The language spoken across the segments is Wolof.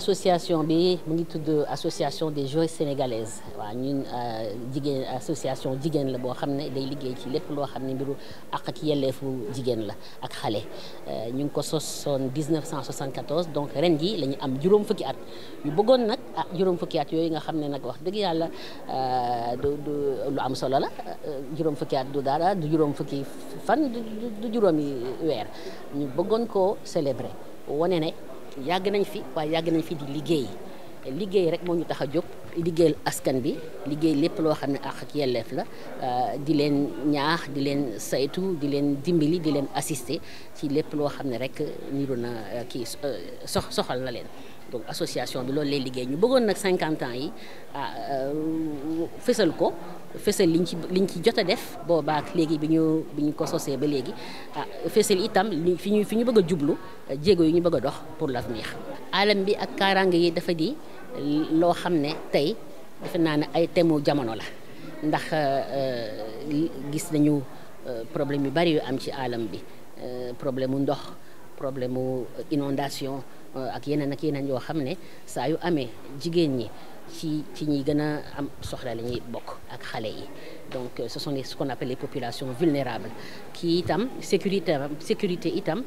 association bi mu ngi tudd association des joueuses sénégalaises waaw ñun euh, jigéen association jigéen la boo xam ne day liggéey ci lépp loo xam ne mbiru ak ak fu jigéen la ak xale euh, ñu ngi ko sosoon 1974 donc ren ji la ñu am juróom fukki at ñu bëggoon nag a ah, juróom fukki at yooyu nga xam ne nag wax dëgg yàlla euh, du du lu am solo la juróom fukki at du dara du juróom fukki fan du juróomi weer ñu bëggoon ko célébrer wane ne yàgg nañ fi waaye yàgg nañ fi di liggéey liggéey rek moo ñu tax a jóg liggéeyal askan bi liggéey lépp loo xam ne àq ak yelleef la euh, di leen ñaax di leen saytu di leen dimbali di leen assisté ci lépp loo xam ne rek niru na euh, kii soxal na leen. donc association bi loolu lay liggéey ñu bëggoon nag 50 ans yi ah euh, fësal ko fësal liñ ci liñ ci jot a def boobaa ak léegi bi ñu bi ñu ko sosee ba léegi ah fësal itam fi ñu fi ñu bëgg a jublu jéego yi ñu bëgg a dox pour l'avenir alam bi ak kaaraange yi dafa di loo xam ne tey defe naa ne ay temu jamono la ndax euh, euh, gis nañu problème yu bari yu am ci alam bi problème mu ndox problème mu inondation Euh, ak yeneen ak yeneen yoo xam ne saa yu amee jigéen ñi ci ci ñi gën a am soxla lañuy bokk ak xale yi donc euh, ce sont les ce qu'on appelle les populations vulnérables kii itam sécurité sécurité itam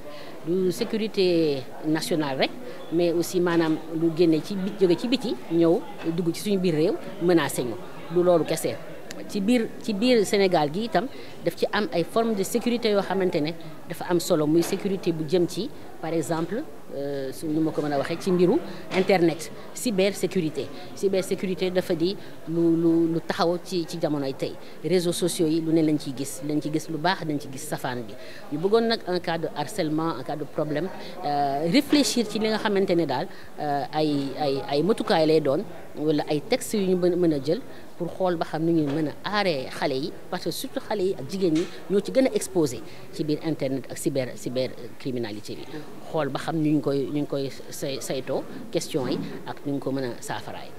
du sécurité national rek mais aussi maanaam lu génne ci bi jóge ci biti ñëw dugg ci suñu biir réew menacé ñu du loolu kese. ci biir ci biir Sénégal gi itam daf ci am ay forme de sécurité yoo xamante ne dafa am solo muy sécurité bu jëm ci par exemple euh, su ñu ma ko mën a waxee ci mbiru internet cybersécurité cybersécurité dafa di lu lu lu taxaw ci ci jamonoy tey réseaux sociaux yi lu ne lañ ciy gis lañ ci gis lu baax dañ ci gis safaan bi ñu bëggoon nag en cas de harcèlement en cas de euh, ci li nga xamante ne daal euh, ay ay ay matukaay lay doon wala ay text yu ñu mën a mën a jël pour xool ba xam ni ñuy mën a aaree xale yi parce que surtout xale yi ak jigéen ñi ñoo ci gën a exposé ci biir internet ak cyber cyber criminalité bi xool ba xam ni ñu koy ñu ngi koy say saytoo question yi ak ñu ko mën a saafaraay.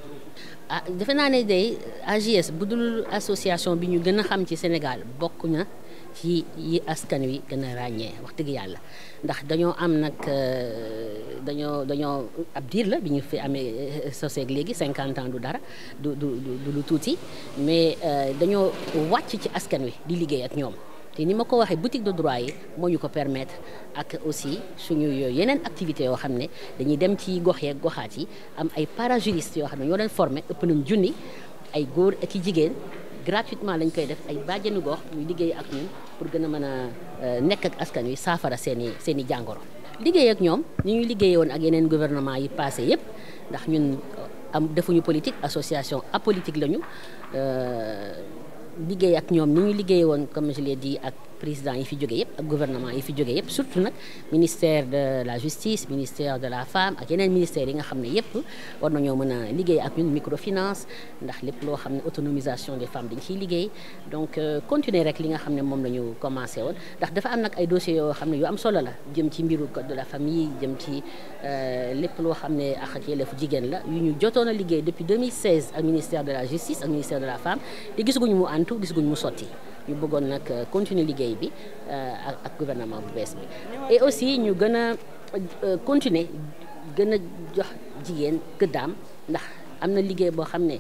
ah defe naa ne day AJS bu dul association bi ñu gën a xam ci Sénégal bokk na. ci yi askan wi gën a ràññee wax dëgg yàlla ndax dañoo am nag euh, dañoo dañoo ab diir la bi ñu fi amee euh, soseeg léegi cinquante ans du dara du du du lu tuuti mais euh, dañoo wàcc ci askan wi di liggéey ak ñoom. te ni ma ko waxee boutique de droit yi moo ñu ko permettre ak aussi suñu yeneen activités yoo xam ne dañuy dem ci gox yeeg goxaat yi am ay parajuristes yoo xam ne ñoo leen formé ëpp nañ junni ay góor ak i jigéen. gratuitement lañ koy def ay bàjjenu gox ñuy liggéey ak ñun pour gën a mën a euh, nekk ak askan wi saafara seen i seen i jàngoro. liggéey ak ñoom ni ñuy liggéeyee woon ak yeneen gouvernement yi passé yëpp ndax ñun euh, am defuñu politique association apolitique lañu euh, liggéey ak ñoom ni ñu liggéeyee woon comme je l'ai dit ak. président yi fi jóge yëpp ak gouvernement yi fi jóge yëpp surtout nag ministère de la justice ministère de la femme ak yeneen ministères yi nga xam ne yëpp war nañoo mën a liggéey ak ñun microfinance ndax lépp loo xam ne autonomisation des femmes dañ ciy liggéey donc euh, continuer rek li nga xam ne moom la ñu commencé woon ndax dafa am nag ay dossiers yoo xam ne yu am solo la jëm ci mbiru code de la famille jëm ci euh, lépp loo xam ne ak ak yelleefu jigéen la yu ñu jotoon a liggéey depuis 2016 ak ministère de la justice ak ministère de la femme te gis mu antu ñu bëggoon nag euh, continuer liggéey bi euh, ak gouvernement bu bees bi et aussi ñu gën a euh, continuer gën a jox jigéen gëddaam ndax am na liggéey boo xam ne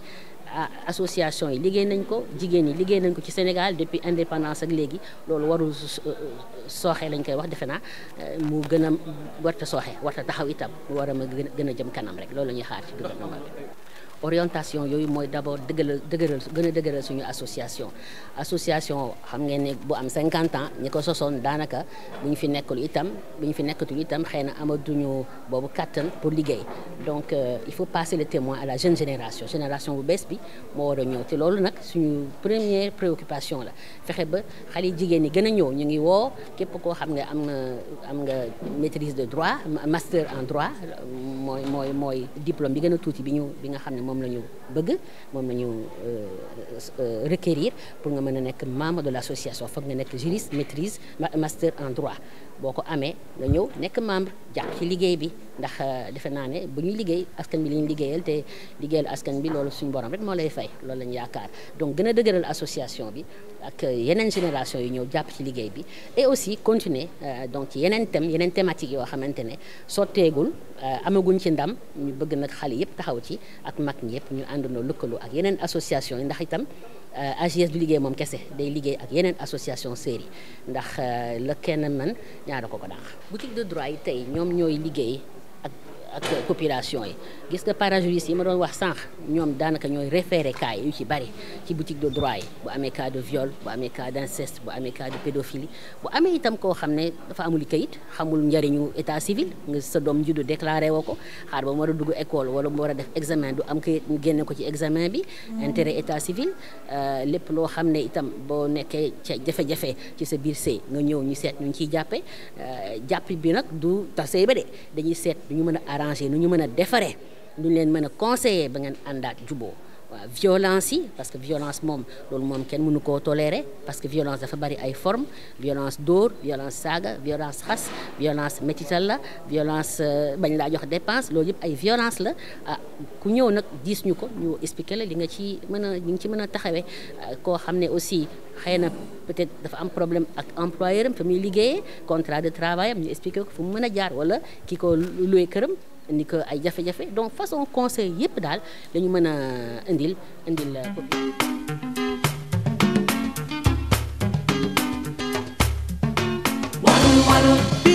association yi liggéey nañ ko jigéen yi liggéey nañ ko ci Sénégal depuis indépendance ak léegi loolu warul sooxee lañ koy wax defe naa mu gën a warta sooxe warta taxaw itam mu war a ma gën a jëm kanam rek loolu la ñuy xaar ci gouvernement bi orientation yooyu mooy d'abord dëgëral dëgëral a dëgëral suñu association association xam ngeen ne bu am 50 ans ñi ko sosoon daanaka bu ñu fi nekkul itam bu ñu fi nekkatul itam xëy na amatuñu boobu kàttan pour liggéey donc euh, il faut passer le témoin à la jeune génération génération bu bees bi moo war a ñëw te loolu nag suñu première préoccupation la fexe ba xale jigéen ñi gën a ñëw ñu ngi woo képp koo xam nga am nga am nga maîtrise de droit master en droit mooy mooy mooy moom la ñu bëgg moom la ñu euh, euh, requérir pour nga mën a nekk membre de l' association foog nga nekk juriste maîtrise master en droit boo ko amee la ñëw nekk membre jàpp ci liggéey bi ndax euh, defe naa ne bu ñu liggéey askan bi la ñu liggéeyal te liggéeyal askan bi loolu suñu borom rek moo lay fay loolu lañu yaakaar donc gën a association bi ak euh, yeneen génération yi ñëw jàpp ci liggéey bi et aussi continuer euh, donc yeneen thème yeneen thématique yoo xamante ne sotteegul amaguñ ci ndam ñu bëgg nag xale yëpp taxaw ci ak mag ñi ñu àndandoo lëkkaloo ak yeneen association yi ndax itam AJS du liggéey moom kese day liggéey ak yeneen association série ndax la kenn man ñaara ko ko dàq boutique de droit yi tey ñoom ñooy liggéey ak population yi gis nga parajuristes yi ma doon wax sànq ñoom daanaka ñooy référé cas yu ci bari ci boutique de droit yi bu amee cas de viol bu amee cas d'inceste bu amee cas de pédophilie bu amee itam koo xam ne dafa amul kayit xamul njëriñu état civil nga sa doom juddu déclaré woo ko xaar ba mu war a dugg école wala mu war a def examen du am kayit ñu génne ko ci examen bi mm. intérêt état civil euh, lépp loo xam ne itam boo nekkee ca jafe-jafe ci sa biir sëy nga ñëw ñu seet ñu ciy jàppe euh, jàpp bi nag a branche yi nu ñu mën a defaree lu ñu leen mën a conseiller ba ngeen àndaat juboo waaw violence yi parce que violence moom loolu moom kenn mënu koo tolérer parce que violence dafa bari ay forme violence dóor violence saaga violence xas violence métital la violence euh, bañ laa jox dépense loolu yëpp ay violence la ah ku ñëw nag diis ñu ko ñu expliquer la li nga ci mën a li nga ci mën a taxawee ah, koo xam ne aussi xëy na peut-être dafa am problème ak employeur am fa muy liggéeyee contrat de travail a indi ko ay jafe-jafe donc façon conseil yëpp daal la ñu mën a indil